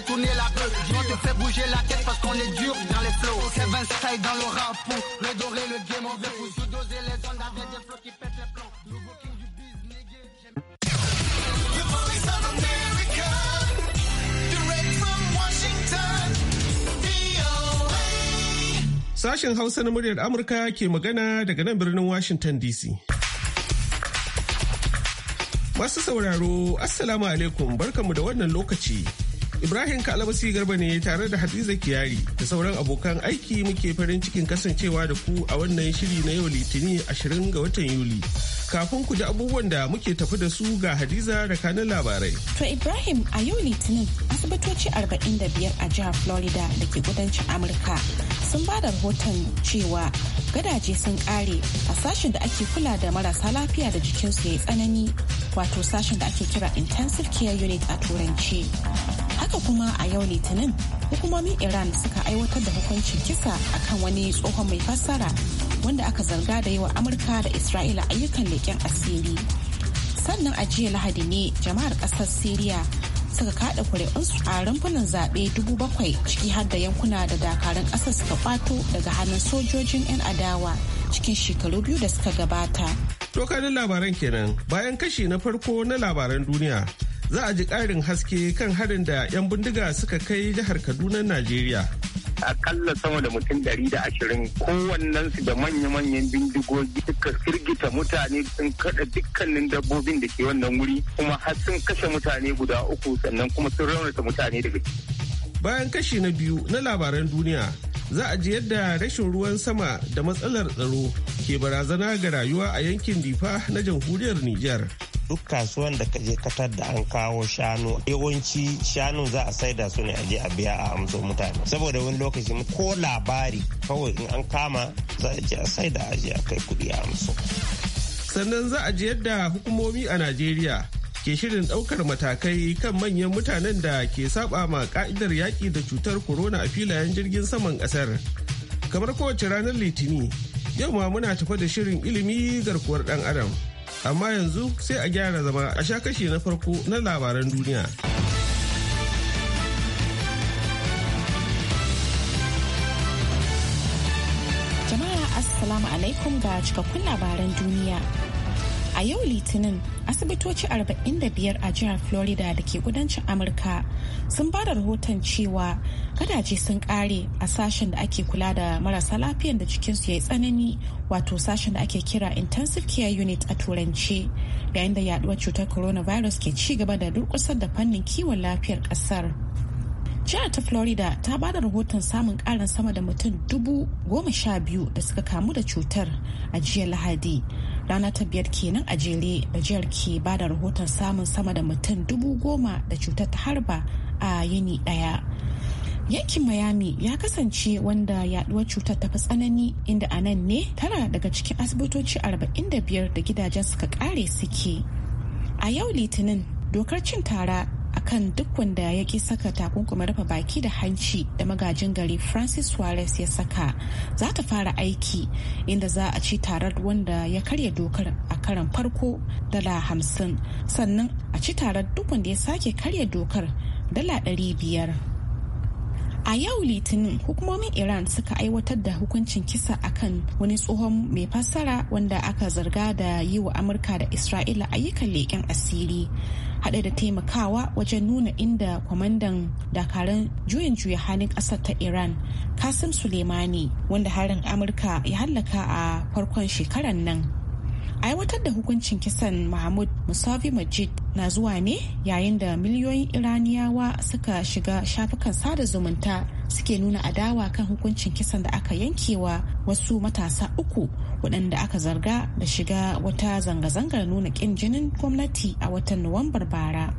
fait tourner la queue. On te fait bouger la tête parce qu'on est dur dans les flots. C'est Style dans le rap pour le doré, le game, on veut vous sous-doser les ondes avec des flots qui pètent les plombs. Nouveau king du biz, nigga, Sashen Hausa na muryar Amurka ke magana daga nan birnin Washington DC. Masu sauraro, Assalamu alaikum barkanmu da wannan lokaci. Ibrahim Kalabasi Garba ne tare da Hadiza Kiyari da sauran abokan aiki muke farin cikin kasancewa da ku a wannan shiri na yau Litinin 20 ga watan Yuli. Kafin ku ji abubuwan da muke tafi da su ga Hadiza da kanin labarai. To Ibrahim a yau Litinin asibitoci 45 a jihar Florida da ke kudancin Amurka sun ba da rahoton cewa gadaje sun kare a sashen da ake kula da marasa lafiya da jikinsu ya yi tsanani wato sashen da ake kira intensive care unit a turanci. haka kuma a yau litinin hukumomin iran suka aiwatar da hukuncin kisa a kan wani tsohon mai fassara wanda aka zarga da yawa amurka da isra'ila ayyukan leƙen asiri sannan a jiya lahadi ne jama'ar ƙasar syria suka kada kuri'unsu a rumfunan zaɓe dubu bakwai ciki har da yankuna da dakarun ƙasar suka ɓato daga hannun sojojin 'yan adawa cikin shekaru biyu da suka gabata. Tokanin labaran kenan bayan kashi na farko na labaran duniya za a ji ƙarin haske kan harin da 'yan bindiga suka kai jihar kaduna najeriya akalla sama da mutum ɗari da ashirin kowannen su da manya-manyan bindigogi suka firgita mutane sun kada dukkanin dabbobin da ke wannan wuri kuma har sun kashe mutane guda uku sannan kuma sun raunata mutane daga bayan kashi na biyu na labaran duniya za a ji yadda rashin ruwan sama da matsalar tsaro ke barazana ga rayuwa a yankin difa na jamhuriyar niger duk kasuwan da kaje katar da an kawo shanu yawanci shanu za a saida su ne aje a biya a amso mutane saboda wani lokaci ko labari kawai in an kama za a je a saida aje a kai kudi a amso sannan za a ji yadda hukumomi a najeriya ke shirin ɗaukar matakai kan manyan mutanen da ke saba ma ka'idar yaƙi da cutar corona a filayen jirgin saman ƙasar kamar kowace ranar litini yau ma muna tafa da shirin ilimi garkuwar ɗan adam amma yanzu sai a gyara zama a sha kashi na farko na labaran duniya. Jama'a Assalamu alaikum ga cikakkun labaran duniya. A yau Litinin, asibitoci 45 a jihar Florida da ke kudancin Amurka sun ba da rahoton cewa gadaje sun kare a sashen da ake kula da marasa lafiyan da cikinsu ya yi tsanani wato sashen da ake kira intensive care unit a turance yayin da yaduwar cutar coronavirus ke ci gaba da durkusar da fannin kiwon lafiyar kasar. jihar ta florida ta ba da rahoton samun karin sama da mutum dubu goma sha biyu da suka kamu da cutar a jiya lahadi rana ta biyar kenan a jere da jihar ke ba da rahoton samun sama da mutum dubu goma da cutar ta harba a yini daya yankin miami ya kasance wanda yaduwar cutar ta fi tsanani inda a nan ne tara daga cikin asibitoci 45 da gidajen suka kare suke a yau litinin dokar cin tara akan duk wanda ya ki saka takunkumin rufe baki da hanci da magajin gari francis suarez ya saka za ta fara aiki inda za a ci tarar wanda ya karya dokar a karan farko dala hamsin sannan a ci tarar duk wanda ya sake karya dokar dala ɗari biyar A yau Litinin hukumomin Iran suka aiwatar da hukuncin kisa akan wani tsohon mai fassara wanda aka zarga da yi wa Amurka da Isra'ila ayyukan leƙen asiri. haɗe da taimakawa wajen nuna inda kwamandan dakarun juyin juya hannun ƙasar ta Iran Kasim Suleimani wanda harin Amurka ya hallaka a farkon shekarar nan aiwatar da hukuncin kisan mahmud musafi majid na zuwa ne yayin da miliyoyin iraniyawa suka shiga shafukan sada zumunta suke nuna adawa kan hukuncin kisan da aka yankewa wasu matasa uku waɗanda aka zarga da shiga wata zanga-zangar nuna ƙin jinin gwamnati a watan nuwambar bara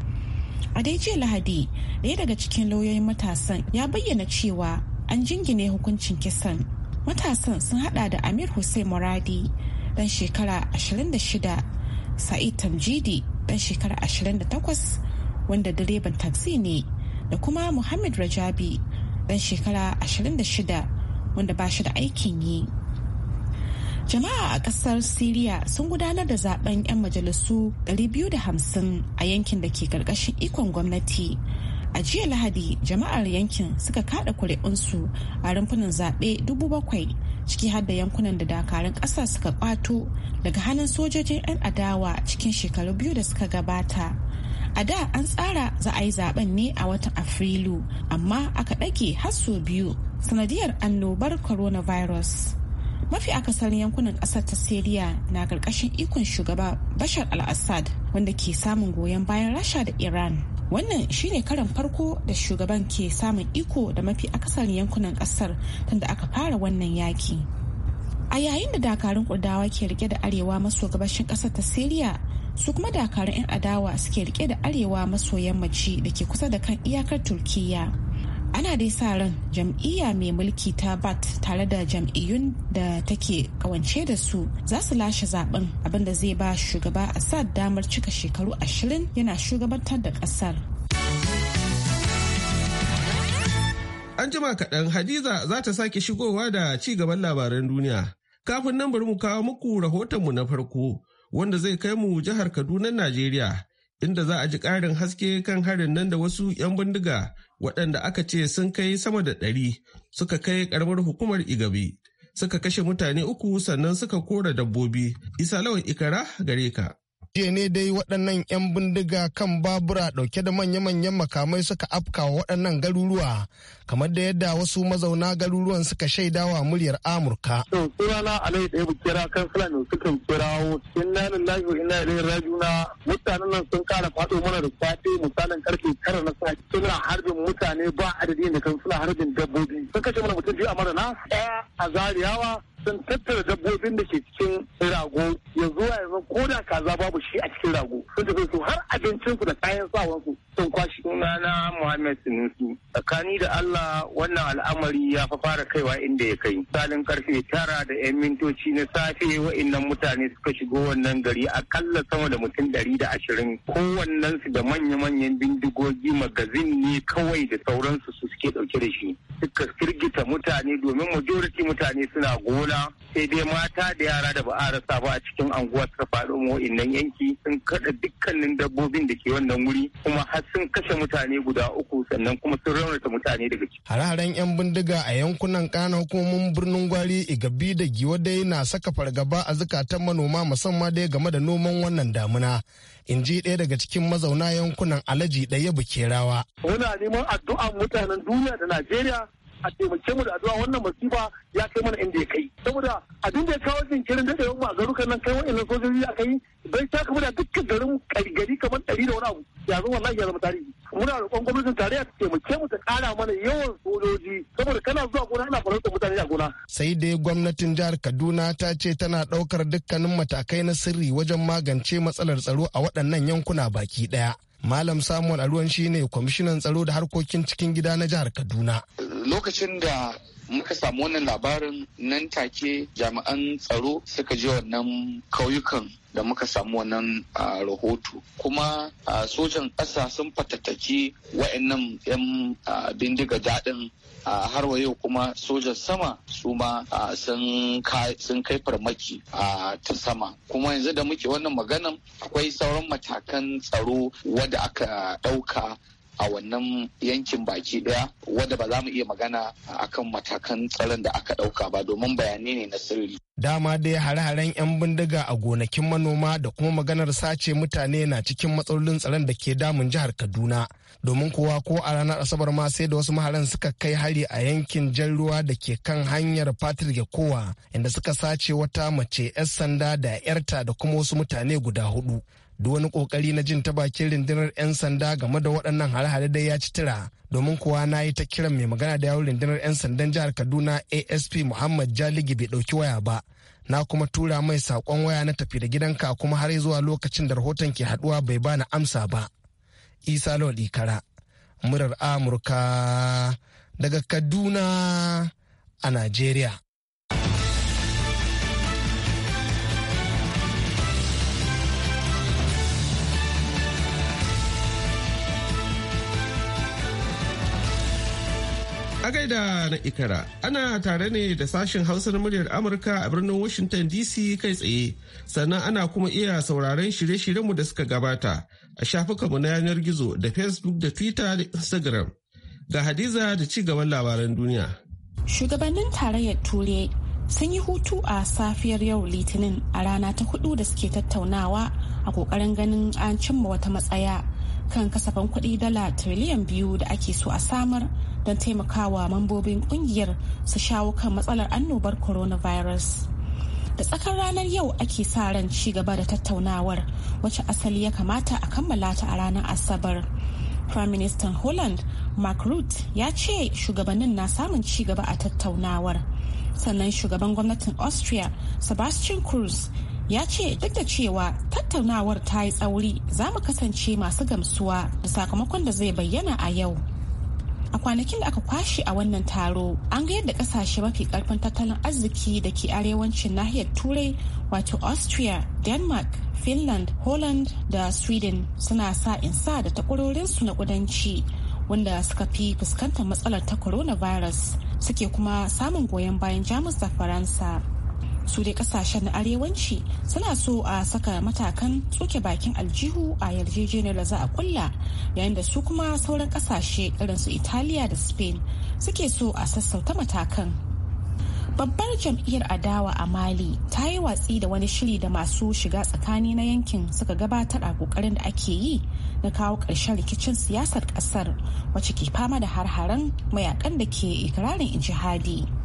a dai jiya lahadi ɗaya daga cikin lauyoyin matasan ya bayyana cewa an jingine hukuncin kisan matasan sun hada da amir hussein muradi dan shekara 26 sa'id tamjidi dan shekara 28 wanda direban taxi ne da kuma muhammad rajabi dan shekara 26 wanda ba shi da aikin yi jama'a a kasar syria sun gudanar da zaben 'yan majalisu 250 a yankin da ke karkashin ikon gwamnati a jiya lahadi jama'ar yankin suka kada kuri'unsu a rumfunan zaɓe 7,000 ciki har da yankunan da dakarun ƙasa suka ƙwato daga hannun sojojin 'yan adawa cikin shekaru biyu da suka gabata a da an tsara za a yi zaben ne a watan afrilu amma aka ɗage har sau biyu sanadiyar annobar coronavirus mafi akasarin yankunan ƙasar ta siriya na ƙarƙashin ikon shugaba bashar al-assad wanda ke samun goyon bayan rasha da iran wannan shine karan farko da shugaban ke samun iko da mafi akasarin yankunan kasar tunda aka fara wannan yaki a yayin da dakarun kurdawa ke rike da arewa maso gabashin kasar ta siriya su kuma dakarun 'yan adawa suke rike da arewa maso yammaci da ke kusa da kan iyakar turkiyya ana dai sa ran jam'iyya mai mulki ta bat tare da jam'iyyun da take kawance da su za su lashe zaben abinda zai ba shugaba a sa damar cika shekaru ashirin yana shugabantar da kasar an jima kaɗan hadiza za ta sake shigowa da ci gaban labaran duniya kafin nan bari mu kawo muku rahoton mu na farko wanda zai kai mu jihar kaduna najeriya inda za a ji ƙarin haske kan harin nan da wasu 'yan bindiga waɗanda aka ce sun kai sama da ɗari suka kai ƙaramar hukumar Igabi. Suka kashe mutane uku sannan suka kora dabbobi. Isa lawan ikara gare ka. Jiya ne dai waɗannan 'yan bindiga kan babura ɗauke da manya-manyan makamai suka afkawa waɗannan garuruwa kamar da yadda wasu mazauna garuruwan suka shaidawa muryar Amurka. Sunana Alayi ɗaya bukira kan Fulani sukan kirawo cikin nanin lafi ina da rajuna mutanen nan sun kara faɗo mana da safe misalin karfe tara na safe suna harbin mutane ba adadi da kan suna harbin dabbobi. Sun kashe mana mutum biyu a na? ɗaya a zariyawa sun tattara dabbobin da ke cikin rago yanzu a yanzu ko da kaza babu shi a cikin rago sun tafi su har abincinsu da kayan sawansu Kun kwashi suna na Muhammad Sinusu Tsakani da Allah wannan al'amari ya fa fara kaiwa inda ya kai. Salin karfe tara da 'yan mintoci na safe wa'innan mutane suka shigo wannan gari akalla sama da mutum ɗari da ashirin. Kowannen su da manya-manyan bindigogi magazin ne kawai da sauransu su suke ɗauke da shi. Suka firgita mutane domin majority mutane suna gona sai dai mata da yara da ba a rasa ba a cikin anguwa suka faɗo wa'innan yanki sun kaɗa dukkanin dabbobin da ke wannan wuri kuma har sun kashe mutane guda uku sannan kuma sun raunata mutane daga ciki. Hare-haren 'yan bindiga a yankunan kana hukumomin birnin Gwari Igabi da dai na saka fargaba a zukatan manoma musamman dai game da noman wannan damuna. in ji ɗaya daga cikin mazauna yankunan alaji ɗaya bukerawa. Muna neman addu'an mutanen duniya da Najeriya a taimake mu da addu'a wannan masifa ya kai mana inda ya kai saboda abin da ya kawo jinkirin da yawan a garukan nan kai wa'annan sojoji a kai bai ta kuma da dukkan garin gari kamar ɗari da wani abu zo wallahi ya zama tarihi muna roƙon gwamnatin tarayya ta taimake mu ta ƙara mana yawan sojoji saboda kana zuwa gona ana farauta mutane a gona. sai dai gwamnatin jihar kaduna ta ce tana ɗaukar dukkanin matakai na sirri wajen magance matsalar tsaro a waɗannan yankuna baki ɗaya. Malam Samuel Aruwan shine kwamishinan tsaro da harkokin cikin gida na jihar Kaduna. Lokacin da muka samu wannan labarin nan take jami'an tsaro suka je wannan kauyukan da muka samu wannan rahoto kuma sojan ƙasa sun fatattaki wa'annan 'yan bindiga daɗin har wa yau kuma sojan sama su ma sun kai farmaki ta sama kuma yanzu da muke wannan maganan akwai sauran matakan tsaro wadda aka ɗauka a wannan yankin baki daya wadda ba za mu iya magana a kan matakan tsaron da aka dauka ba domin bayanai ne na sirri. Dama dai hare-haren 'yan bindiga a gonakin manoma da kuma maganar sace mutane na cikin matsalolin tsaron da ke damun jihar Kaduna. Domin kowa ko a ranar Asabar ma sai da wasu maharan suka kai hari a yankin jan ruwa da ke kan hanyar Patrick kowa inda suka sace wata mace 'yar sanda da 'yarta da kuma wasu mutane guda hudu. duk wani kokari na jin ta bakin rundunar 'yan sanda game da waɗannan hare-hare dai ya ci tira domin kuwa na yi ta kiran mai magana da yawon rundunar 'yan sandan jihar kaduna asp muhammad jaligi bai ɗauki waya ba na kuma tura mai sakon waya na tafi da gidanka kuma har zuwa lokacin da rahoton ke haɗuwa bai bani amsa ba isa lawal ikara murar amurka daga kaduna a najeriya A gaida na Ikara, ana tare ne da sashen Hausa na muryar Amurka a birnin Washington DC kai tsaye, sannan ana kuma iya sauraron shirye-shiryenmu da suka gabata a mu na yanar gizo da Facebook da Twitter da Instagram. Ga Hadiza da ci gaban labaran duniya. Shugabannin tarayyar Turai sun yi hutu a safiyar yau Litinin a rana ta hudu da suke tattaunawa a kokarin ganin an cimma wata matsaya kan kasafin kuɗi dala tiriliyan biyu da ake so a samar don taimakawa mambobin ƙungiyar su shawo kan matsalar annobar coronavirus. da tsakar ranar yau ake sa ran ci gaba da tattaunawar wacce asali ya kamata a kammala ta a ranar asabar prime minister holland mark root ya ce shugabannin na samun ci gaba a tattaunawar sannan shugaban gwamnatin austria sebastian kurz ya ce duk da cewa tattaunawar ta yi tsauri za mu kasance masu gamsuwa da sakamakon da zai bayyana a yau a kwanakin da aka kwashe a wannan taro an ga yadda kasashe mafi karfin tattalin arziki da ke arewacin nahiyar turai wato austria denmark finland holland da sweden suna sa in sa da takwarorinsu na kudanci wanda suka fi fuskantar matsalar ta coronavirus suke kuma samun goyon bayan jamus da faransa su dai kasashen arewanci suna so a saka matakan tsoke bakin aljihu a yarjejeniyar da za a kulla yayin da su kuma sauran kasashe irin su italiya da spain suke so a sassauta matakan babbar jam'iyyar adawa a mali ta yi watsi da wani shiri da masu shiga tsakani na yankin suka gabatar a kokarin da ake yi na kawo ƙarshen rikicin siyasar ƙasar wacce ke fama da har-haren mayakan da ke ikirarin jihadi.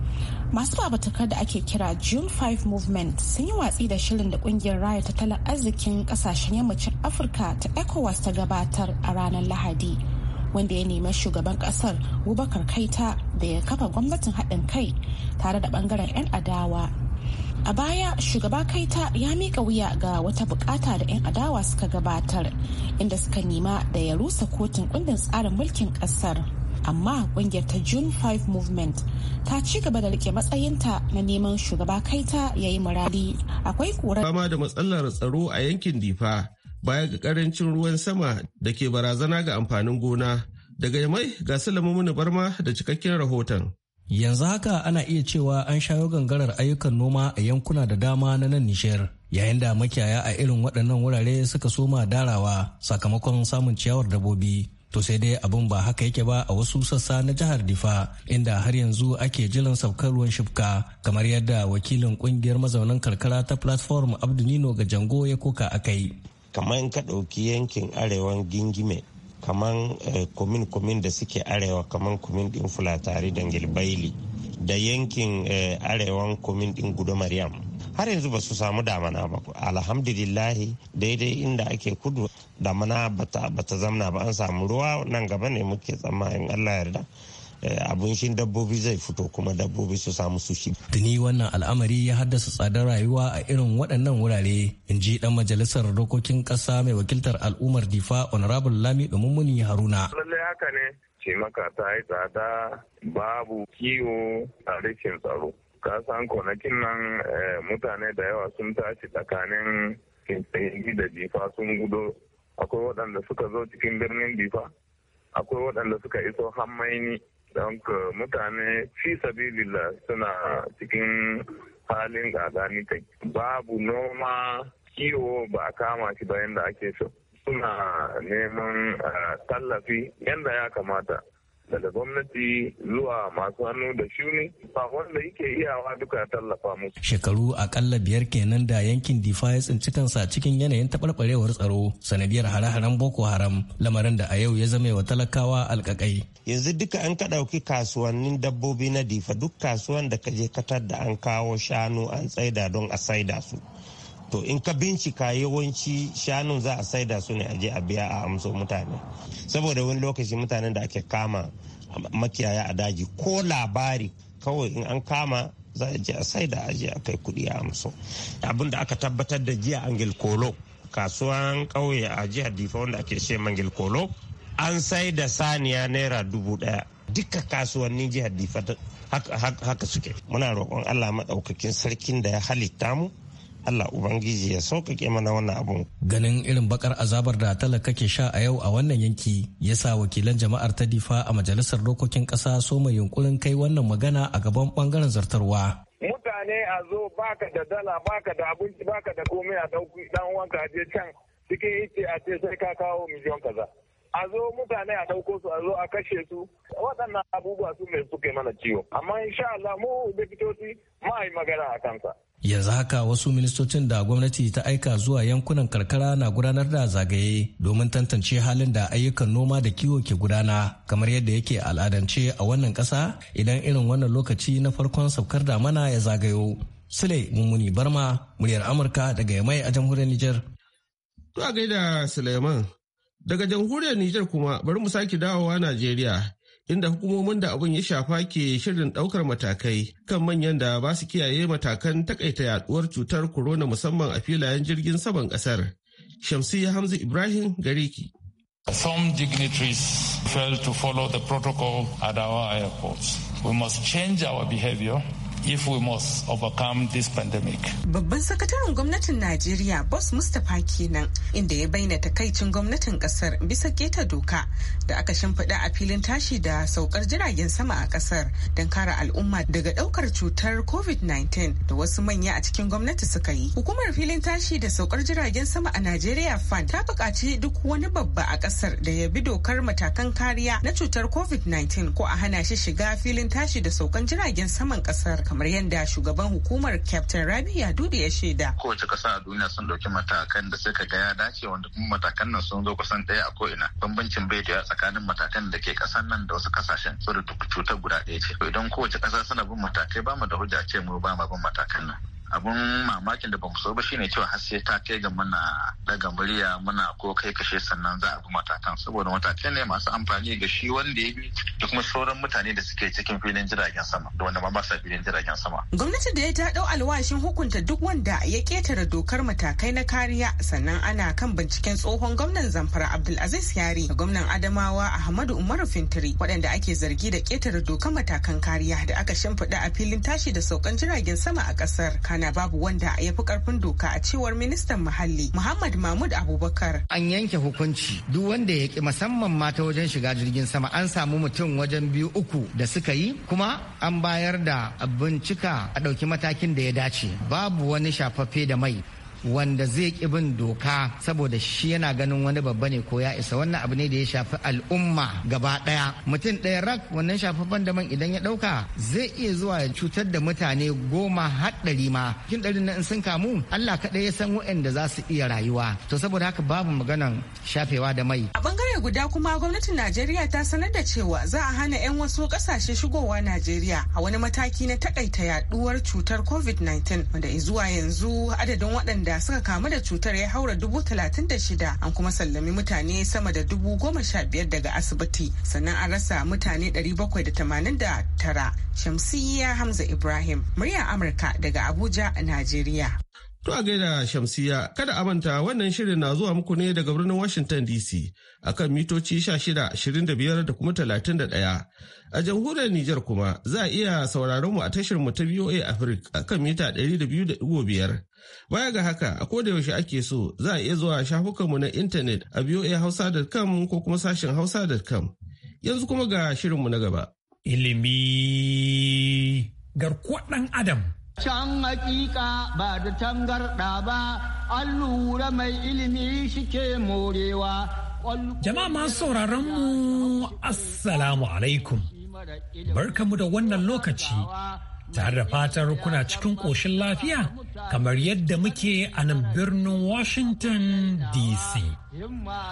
masu fabatakar da ake kira june 5 movement sun yi watsi da shirin da kungiyar raya tattalin arzikin kasashen yammacin afirka ta ecowas ta gabatar a ranar lahadi wanda ya nemi shugaban kasar wubakar kaita da ya kafa gwamnatin haɗin kai tare da bangaren 'yan adawa a baya shugaba kaita ya mika wuya ga wata bukata da 'yan adawa suka gabatar inda suka nema da ya rusa kotun kundin tsarin mulkin kasar amma kungiyar ta june 5 movement ta ci gaba da rike matsayinta na neman shugaba kaita ya yi muradi akwai kura fama da matsalar tsaro a yankin difa baya ga karancin ruwan sama da ke barazana ga amfanin gona daga mai ga sulaimu barma da cikakken rahoton yanzu haka ana iya cewa an shayo gangarar ayyukan noma a yankuna da dama na nan nishiyar yayin da makiyaya a irin waɗannan wurare suka soma darawa sakamakon samun ciyawar dabobi To sai dai abin ba haka yake ba a wasu sassa na jihar Difa inda har yanzu ake jiran saukar ruwan shifka kamar yadda wakilin kungiyar mazaunan karkara ta platform Abdu ga jango ya koka a kai. Kamar ka ɗauki yankin arewan gingime kamar eh, komin komin da suke arewa kamar komin ɗin fulatari da baili da yankin eh, arewan komin din gudu mariam. har yanzu ba su samu damana ba alhamdulillahi daidai inda ake kudu damana ba ta zamna ba an samu ruwa nan gaba ne muke in allah yarda eh, abun shi dabbobi zai fito kuma dabbobi su samu sushi. Tuni wannan al'amari ya haddasa tsadar rayuwa a irin waɗannan wurare, in ji ɗan majalisar dokokin ƙasa mai wakiltar al'ummar Difa Honorable Lami Mummuni Haruna. Lallai haka ne, ce maka ta yi tsada babu kiwo a rikin tsaro. kasan kwanakin nan eh, mutane da yawa sun tashi tsakanin kinsayi da jifa sun gudo akwai waɗanda suka zo cikin birnin jifa akwai waɗanda suka iso hammaini don mutane fi sabilillah suna cikin halin gagani kai babu noma kiwo ba a kama shi ba yadda ake so suna neman eh, tallafi yadda ya kamata daga gwamnati zuwa masu hannu da shuni ba wanda yake iyawa duka tallafa musu. Shekaru akalla biyar kenan da yankin Difa ya tsinci kansa cikin yanayin taɓarɓarewar tsaro sanadiyar hare-haren Boko Haram lamarin da a yau ya zama wa talakawa alƙaƙai. Yanzu duka an ka ɗauki kasuwannin dabbobi na Difa duk kasuwan da ka je katar da an kawo shanu an tsaida don a saida su. to in ka bincika yawanci shanun za a saida su ne a je a biya a amso mutane saboda wani lokaci mutanen da ake kama makiyaya a daji ko labari kawai in an kama za a je a saida a je a kai kudi a amso abin da aka tabbatar da jiya angel kolo kasuwan kauye a jihar difa wanda ake ce mangil kolo an sai da saniya naira dubu daya duka kasuwannin jihar difa haka suke muna roƙon allah maɗaukakin sarkin da ya halitta mu Allah Ubangiji ya sauƙaƙe mana wannan abun. Ganin irin bakar azabar da talaka ke sha a yau a wannan yanki ya sa wakilan jama'ar ta difa a majalisar dokokin ƙasa so mai yunkurin kai wannan magana a gaban ɓangaren zartarwa. Mutane a zo baka da dala baka da abinci baka da komai a ɗauki ɗan wanka a je can cikin ice a ce sai ka kawo miliyon kaza. a zo mutane a ɗauko su a zo a kashe su waɗannan abubuwa su mai suke mana ciwo amma insha Allah mu da fitoci ma yi magana a kansa yanzu haka wasu ministocin da gwamnati ta aika zuwa yankunan karkara na gudanar da zagaye domin tantance halin da ayyukan noma da kiwo ke gudana kamar yadda yake al'adance a wannan ƙasa idan irin wannan lokaci na farkon saukar mana ya zagayo sule mummuni barma muryar amurka daga yamai a jamhuriyar niger to a gaida suleiman daga jamhuriyar Nijar kuma bari mu sake dawowa najeriya inda hukumomin da abin ya shafa ke shirin ɗaukar matakai kan manyan da ba su kiyaye matakan takaita yaduwar cutar corona musamman a filayen jirgin saman ƙasar. Shamsiyya Hamza Ibrahim Gariki. Some dignitaries fail to follow the protocol at our airports. We must change our behavior if we must overcome this pandemic. Babban sakataren gwamnatin Najeriya Boss Mustapha kenan inda ya bayyana takaicin gwamnatin kasar bisa keta doka da aka shimfiɗa a filin tashi da saukar jiragen sama a kasar don kare al'umma daga ɗaukar cutar COVID-19 da wasu manya a cikin gwamnati suka yi. Hukumar filin tashi da saukar jiragen sama a Najeriya fan ta buƙaci duk wani babba a kasar da ya bi dokar matakan kariya na cutar COVID-19 ko a hana shi shiga filin tashi da saukan jiragen saman kasar kamar yadda shugaban hukumar Captain Rabi ya dude ya shaida. Kowace kasa a duniya sun ɗauki matakan da suka ga ya dace wanda kuma matakan nan sun zo kusan ɗaya a ko'ina. Bambancin bai da tsakanin matakan da ke kasan nan da wasu ƙasashen saboda cutar guda ɗaya ce. Idan kowace kasa suna bin matakai ba mu da hujja ce mu ba mu bin matakan nan. Abin mamakin da bamu so ba shine cewa har sai ta kai ga muna daga murya muna ko kai kashe sannan za a bi matakan saboda matakan ne masu amfani ga shi wanda ya bi da kuma sauran mutane da suke cikin filin jiragen sama da wanda ma ba sa filin jiragen sama gwamnati da ya ta dau alwashin hukunta duk wanda ya ketare dokar matakai na kariya sannan ana kan binciken tsohon gwamnan zamfara abdulaziz yari da gwamnan adamawa ahmadu Umar fintiri waɗanda ake zargi da ketare dokar matakan kariya da aka shimfiɗa a filin tashi da saukan jiragen sama a ƙasar hana babu wanda ya fi karfin doka a cewar ministan muhalli Muhammad Mahmud Abubakar. An yanke hukunci duk wanda ya ki musamman mata wajen shiga jirgin sama an samu mutum wajen biyu uku da suka yi kuma an bayar da bincika a ɗauki matakin da ya dace babu wani shafaffe da mai wanda zai ki bin doka saboda shi yana ganin wani babba ne ko ya isa wannan abu ne da ya shafi al'umma gaba daya mutum ɗaya rak wannan shafi da man idan ya ɗauka zai iya zuwa ya cutar da mutane goma haɗari ma cikin na in sun kamu Allah kaɗai ya san waɗanda za su iya rayuwa to saboda haka babu maganan shafewa da mai a bangare guda kuma gwamnatin Najeriya ta sanar da cewa za a hana 'yan wasu ƙasashe shigowa Najeriya a wani mataki na takaita yaɗuwar cutar COVID-19 wanda zuwa yanzu adadin waɗanda waɗanda suka kamu da cutar ya haura dubu talatin da shida an kuma sallami mutane sama da dubu goma sha biyar daga asibiti sannan an rasa mutane ɗari bakwai da tamanin da tara shamsiyya hamza ibrahim murya amurka daga abuja a najeriya To a gaida Shamsiya, kada a manta wannan shirin na zuwa muku ne daga birnin Washington DC akan mitoci 16, 25 da kuma 31. A jamhuriyar Nijar kuma za a iya sauraron mu a tashar mu ta VOA Africa akan mita 200.5. Baya ga haka, a koda yaushe ake so za a iya zuwa shafukan mu na intanet a voahausa.com ko kuma sashen hausa.com. Yanzu kuma ga shirin mu na gaba. Ilimi garkuwar ɗan Adam. Can hakika ba da tangarɗa ba, an lura mai ilimi shike morewa. Jama'a masu sauraron mu Assalamu alaikum. Barkamu da wannan lokaci, tare da fatar kuna cikin ƙoshin lafiya kamar yadda muke a nan birnin Washington DC.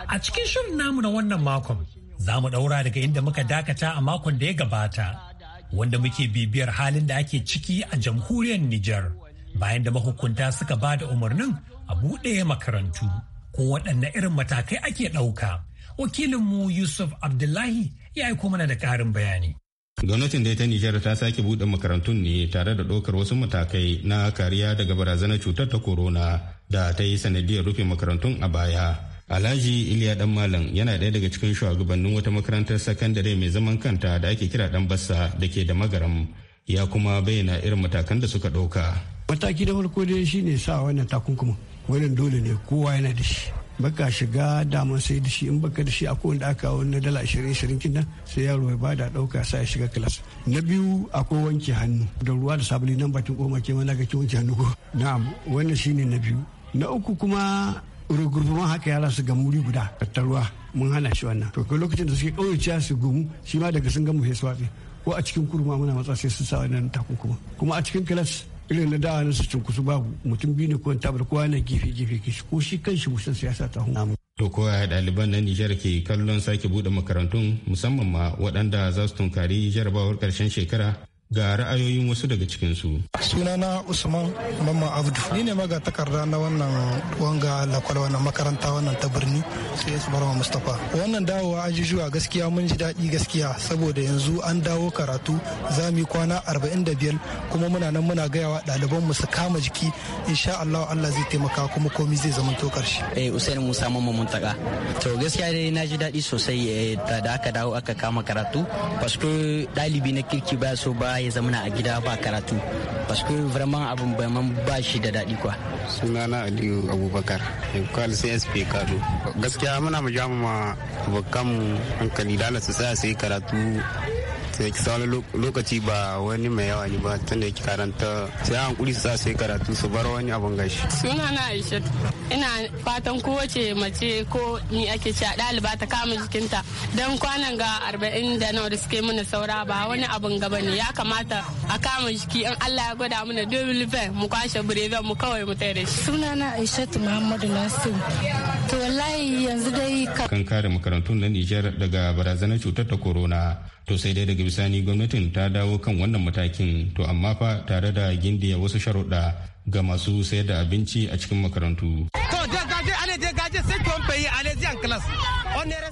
A cikin shirin namu na wannan makon, za mu ɗaura daga inda muka dakata a makon da ya gabata. wanda muke bibiyar halin da ake ciki a jamhuriyar Nijar bayan da mahukunta suka ba da umarnin a buɗe makarantu ko waɗanne irin matakai ake ɗauka. Wakilinmu Yusuf Abdullahi ya aiko mana da ƙarin bayani. Gwamnatin da ta Nijar ta sake buɗe makarantun ne tare da ɗaukar wasu matakai na kariya daga barazanar cutar ta corona da ta yi sanadiyar rufe makarantun a baya. Alhaji Iliya Dan Malam yana daya daga cikin shugabannin wata makarantar sakandare mai zaman kanta da ake kira Dan Bassa da ke da magaram ya kuma bayyana irin matakan da suka ɗauka. Mataki da farko dai shine sa wannan takunkuma wannan dole ne kowa yana da shi. baka shiga damar sai da shi in baka da shi akwai wanda aka wani dala ashirin ashirin kinan sai yaro ya bada dauka sai ya shiga kilas na biyu akwai wanke hannu da ruwa da sabuli nan bakin koma ke mana ga ki wanke hannu ko na'am wannan shine na biyu na uku kuma rugurguman haka yara su gamu wuri guda tattaruwa mun hana shi wannan to kai lokacin da suke ƙauraciya su gumu shi ma daga sun gamu sai su wafe ko a cikin kurma muna matsa sai sun sa wannan takunkuma kuma a cikin kilas irin na dawa su cunkusu babu mutum biyu ne ko tabar kowa na gefe gefe kishi ko shi kanshi musan siyasa ta namu to koya ɗaliban na Nijar ke kallon sake buɗe makarantun musamman ma waɗanda za su tunkari jarabawar ƙarshen shekara ga ra'ayoyin wasu daga cikinsu. sunana usman mamman abdu ni ne maga takarda na wannan wanga lakwal wannan makaranta wannan ta birni sai su barwa mustapha wannan dawowa ajujuwa gaskiya mun ji daɗi gaskiya saboda yanzu an dawo karatu za mu kwana arba'in da biyar kuma muna nan muna gayawa mu su kama jiki insha allah allah zai taimaka kuma komi zai zama to karshe eh usain musa mamman muntaka to gaskiya dai na ji daɗi sosai eh, da aka dawo aka kama karatu paske ɗalibi na kirki ba so ba kowa ya zamana a gida ba karatu paske vraiment abin bayan ba shi da daɗi kwa sunana aliyu abubakar kwal csp kado gaskiya muna mu jamu ma abokan hankali dala su tsaya su karatu sai ki wani lokaci ba wani mai yawa ne ba tun da ki karanta sai an kuri sa sai karatu su bar wani abun gashi suna na aisha ina fatan kowace mace ko ni ake ci a ɗaliba ta kama jikinta don kwanan ga arba'in da nawa da suke mana saura ba wani abun gaba ne ya kamata a kama jiki in allah ya gwada mana dubu mu kwashe bireven mu kawai mu tare shi suna na aisha muhammadu nasiru To wallahi yanzu dai kan kare makarantun na Nijar daga barazanar cutar ta corona. To sai dai daga bisani gwamnatin ta dawo kan wannan matakin to amma fa tare da gindiya wasu sharuɗa ga masu sayar da abinci a cikin makarantu.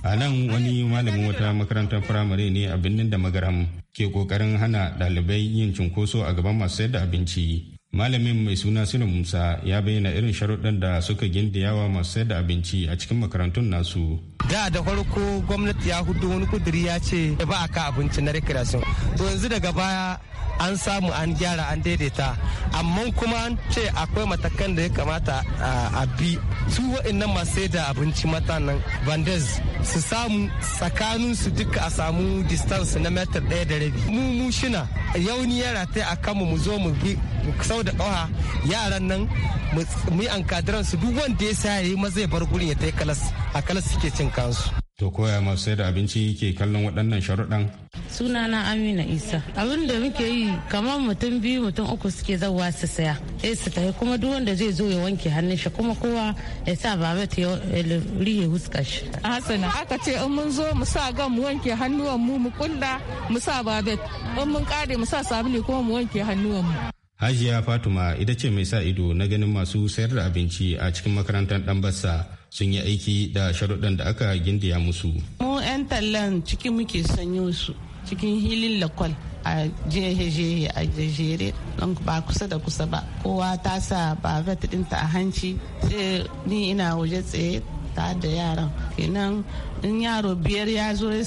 A nan wani malamin wata makarantar firamare ne a birnin da magaram ke kokarin hana ɗalibai yin cunkoso a gaban masu sayar da abinci. malamin mai suna sinu musa ya bayyana irin sharuɗan da suka gindiyawa masu sayar da abinci a cikin makarantun nasu da da farko gwamnati ya hudu wani kuduri ya ce ba a ka abinci na recreation to yanzu daga baya an samu an gyara an daidaita amma kuma an ce akwai matakan da ya kamata a bi su wa'annan masu da abinci matanan bandez su samu tsakanin su duka a samu distance na metar ɗaya da rabi mu mu shina ni yara ta a kanmu mu zo mu bi sau da ɗoha yaran nan mu yi an su duk wanda ya sa ya yi maza ya bar gurin ya ta kalas a kalas suke cin kansu To koya masu sayar da abinci ke kallon waɗannan sharuɗan? Sunana Amina Isa. Abin da muke yi kamar mutum biyu mutum uku suke zauwa su saya. Sai eh, su tafi kuma duk wanda zai zo ya wanke hannun shi kuma kowa ya sa baba ta rihe huskar shi. Hasana aka ce in mun zo mu sa gan mu wanke hannuwan mu mu kulla mu sa babet in mun kare mu sa sabulu kuma mu wanke hannuwan mu. Hajiya Fatuma ita ce mai sa ido na ganin masu sayar da abinci a cikin makarantar Ɗanbassa. sun yi aiki da sharuɗan da aka gindiya musu. Mu 'yan tallan cikin muke sanyo su cikin hilin lakwal a jehe a jejere don ba kusa da kusa ba. Kowa ta sa ba ɗinta a hanci sai ni ina waje tsaye ta da yaran. Kenan in yaro biyar ya zo ya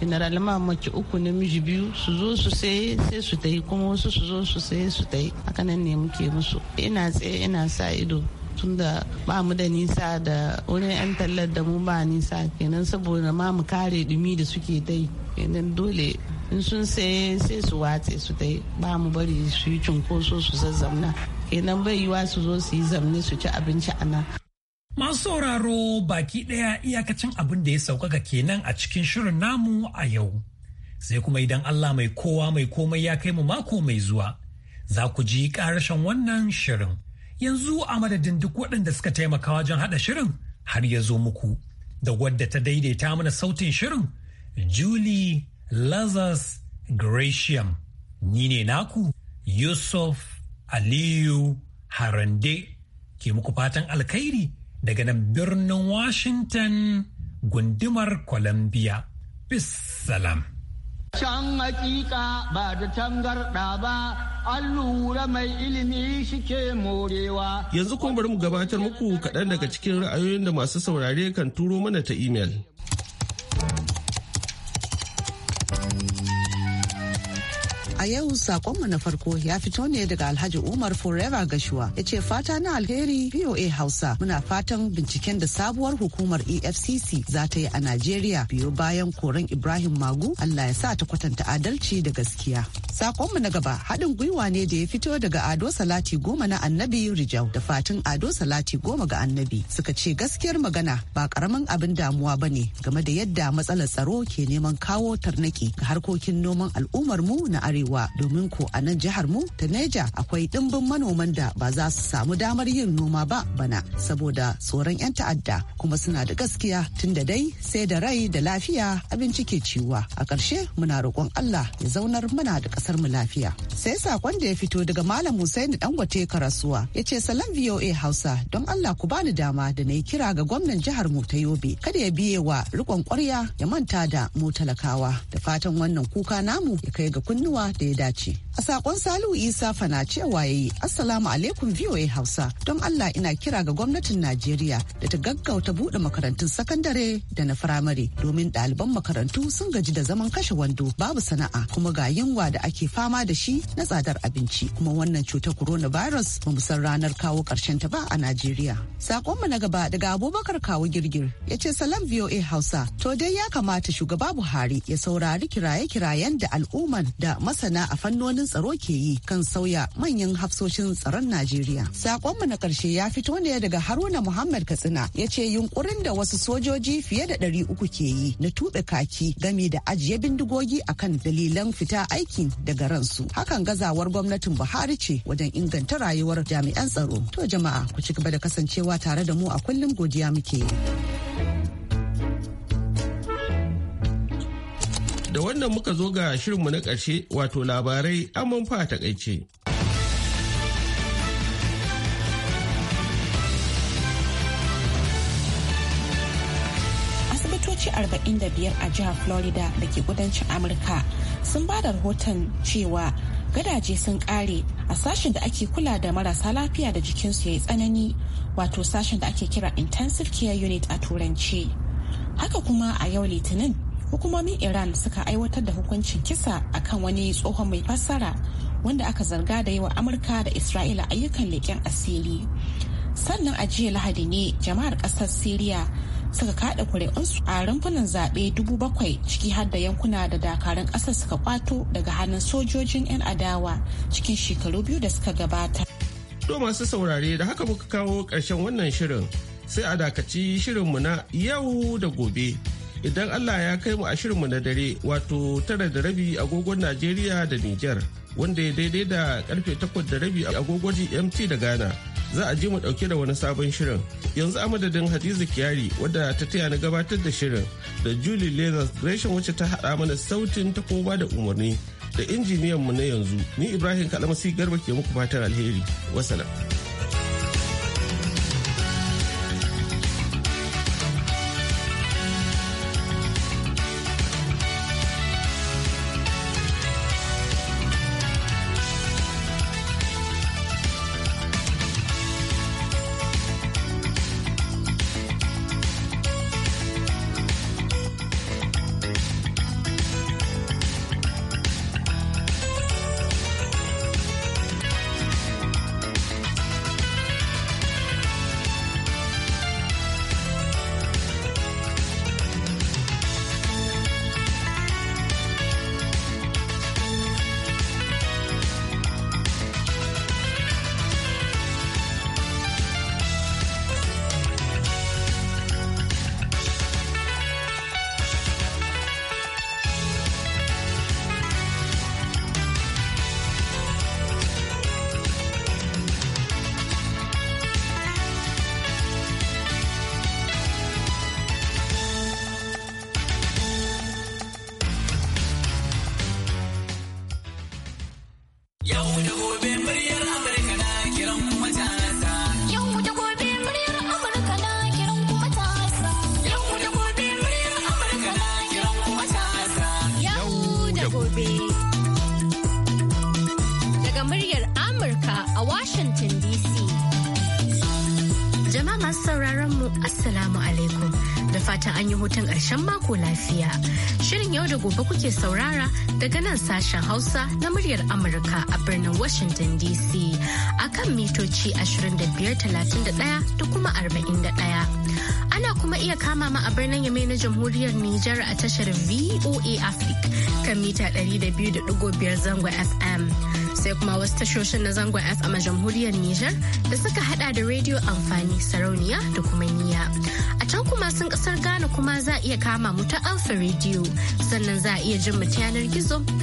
general ma mace uku miji biyu su zo su sai sai su ta yi kuma wasu su zo su sai su ta yi hakanan ne muke musu ina tsaye ina sa ido tunda ba mu da nisa da wurin 'yan tallar da mu ba nisa kenan saboda ma mu kare dumi da suke dai kenan dole in sun saye sai su watse su dai ba mu bari su yi cunkoso su zazzamna kenan bai yiwa su zo su yi zamne su ci abinci a nan. Masu sauraro baki daya iyakacin abin da ya sauƙaƙa kenan a cikin shirin namu a yau. Sai kuma idan Allah mai kowa mai komai ya kai mu mako mai zuwa, za ku ji ƙarashen wannan shirin. yanzu a madadin duk waɗanda suka taimaka wajen haɗa shirin har ya zo muku da wadda ta daidaita mana sautin shirin Julie Lazarus Gratiam ni ne naku Yusuf Aliyu Harande ke muku fatan alkhairi daga nan birnin Washington gundumar Columbia. Bis salam. Can hakika ba da tangarɗa ba, an lura mai ilimi shike morewa. Yanzu kuma bari mu gabatar muku kaɗan daga cikin ra'ayoyin da masu saurare kan turo mana ta imel. A yau sakonmu na farko ya fito ne daga Alhaji Umar Forever Gashuwa ya ce fata na alheri VOA Hausa muna fatan binciken da sabuwar hukumar EFCC za ta yi a Najeriya biyo bayan koren Ibrahim Magu Allah ya sa ta kwatanta adalci da gaskiya. Sakonmu na gaba haɗin gwiwa ne da ya fito daga Ado Salati goma na Annabi Rijau da Fatin Ado Salati goma ga Annabi suka ce gaskiyar magana ba karamin abin damuwa ba ne game da yadda matsalar tsaro ke neman kawo tarnaki ga harkokin noman al'ummar mu na arewa domin ko a nan jihar mu ta Neja akwai ɗimbin manoman da ba za su samu damar yin noma ba bana saboda tsoron 'yan ta'adda kuma suna da gaskiya tun da dai sai da rai da lafiya abinci ke ciwa a ƙarshe muna roƙon Allah ya zaunar mana da kasar mu lafiya. Sai sakon da ya fito daga Malam Hussaini Dangote Karasuwa ya ce salam VOA Hausa don Allah ku bani dama da na yi kira ga gwamnan jihar mu ta Yobe kada ya biye wa rikon kwarya ya manta da mu talakawa da fatan wannan kuka namu ya kai ga kunnuwa da ya dace. A Sakon Salihu Isa fana cewa yayi Assalamu alaikum VOA Hausa don Allah ina kira ga gwamnatin Najeriya da ta gaggauta buɗe makarantun sakandare da na firamare domin ɗaliban makarantu sun gaji da zaman kashe wando babu sana'a kuma ga yunwa da ake fama da shi na tsadar abinci kuma wannan cutar coronavirus ba mu san ranar kawo ƙarshen ta ba a Najeriya. Sakon mu na gaba daga Abubakar Kawo Girgir ya ce salam VOA Hausa to dai ya kamata shugaba Buhari ya saurari kiraye-kirayen da al'umman da masana a fannonin hukumomin tsaro ke yi kan sauya manyan hafsoshin tsaron Najeriya. Sakonmu na ƙarshe ya fito ne daga Haruna Muhammad Katsina ya ce yunkurin da wasu sojoji fiye da ɗari uku ke yi na tuɓe kaki game da ajiye bindigogi akan dalilan fita aiki daga ransu. Hakan gazawar gwamnatin Buhari ce wajen inganta rayuwar jami'an tsaro. To jama'a ku ci gaba da kasancewa tare da mu a kullum godiya muke yi. da wannan muka zo ga shirinmu na ƙarshe wato labarai amman fa arba'in asibitoci biyar a jihar florida da ke kudancin amurka sun ba da rahoton cewa gadaje sun kare a sashen da ake kula da marasa lafiya da jikinsu ya yi tsanani wato sashen da ake kira intensive care unit a turanci haka kuma a yau litinin hukumomin iran suka aiwatar da hukuncin kisa akan wani tsohon mai fassara wanda aka zarga da yi wa amurka da isra'ila ayyukan leƙen asiri sannan a jiya lahadi ne jama'ar ƙasar syria suka kada kuri'unsu a rumfunan zaɓe dubu bakwai ciki har da yankuna da dakarun ƙasar suka kwato daga hannun sojojin 'yan adawa cikin shekaru biyu da suka gabata. do masu saurare da haka muka kawo ƙarshen wannan shirin sai a dakaci shirinmu na yau da gobe idan Allah ya kai mu ashirinmu na dare wato tara da rabi agogon Najeriya da Nijar wanda ya daidai da karfe takwas da rabi agogon GMT da Ghana za a ji mu dauke da wani sabon shirin yanzu a madadin Hadiza Kiyari wadda ta taya na gabatar da shirin da Julie Lenas Gresham wacce ta haɗa mana sautin ta koba da umarni da injiniyan mu na yanzu ni Ibrahim Kalamasi Garba ke muku fatan alheri wasalam. an yi hutun ƙarshen mako lafiya. Shirin yau da gobe kuke saurara daga nan sashen Hausa na muryar Amurka a birnin Washington DC a kan mitoci 2531 da kuma 41. Ana kuma iya kama ma a birnin Yame na Jamhuriyar Nijar a tashar VOA Africa kan mita 200.5 zango FM. sai kuma wasu tashoshin na zangon FM a jamhuriyar Nijar da suka hada da rediyo amfani sarauniya da kuma niya. arewacin kasar Ghana kuma za a iya kama mu ta Alpha Radio sannan za a iya jin mu ta yanar gizo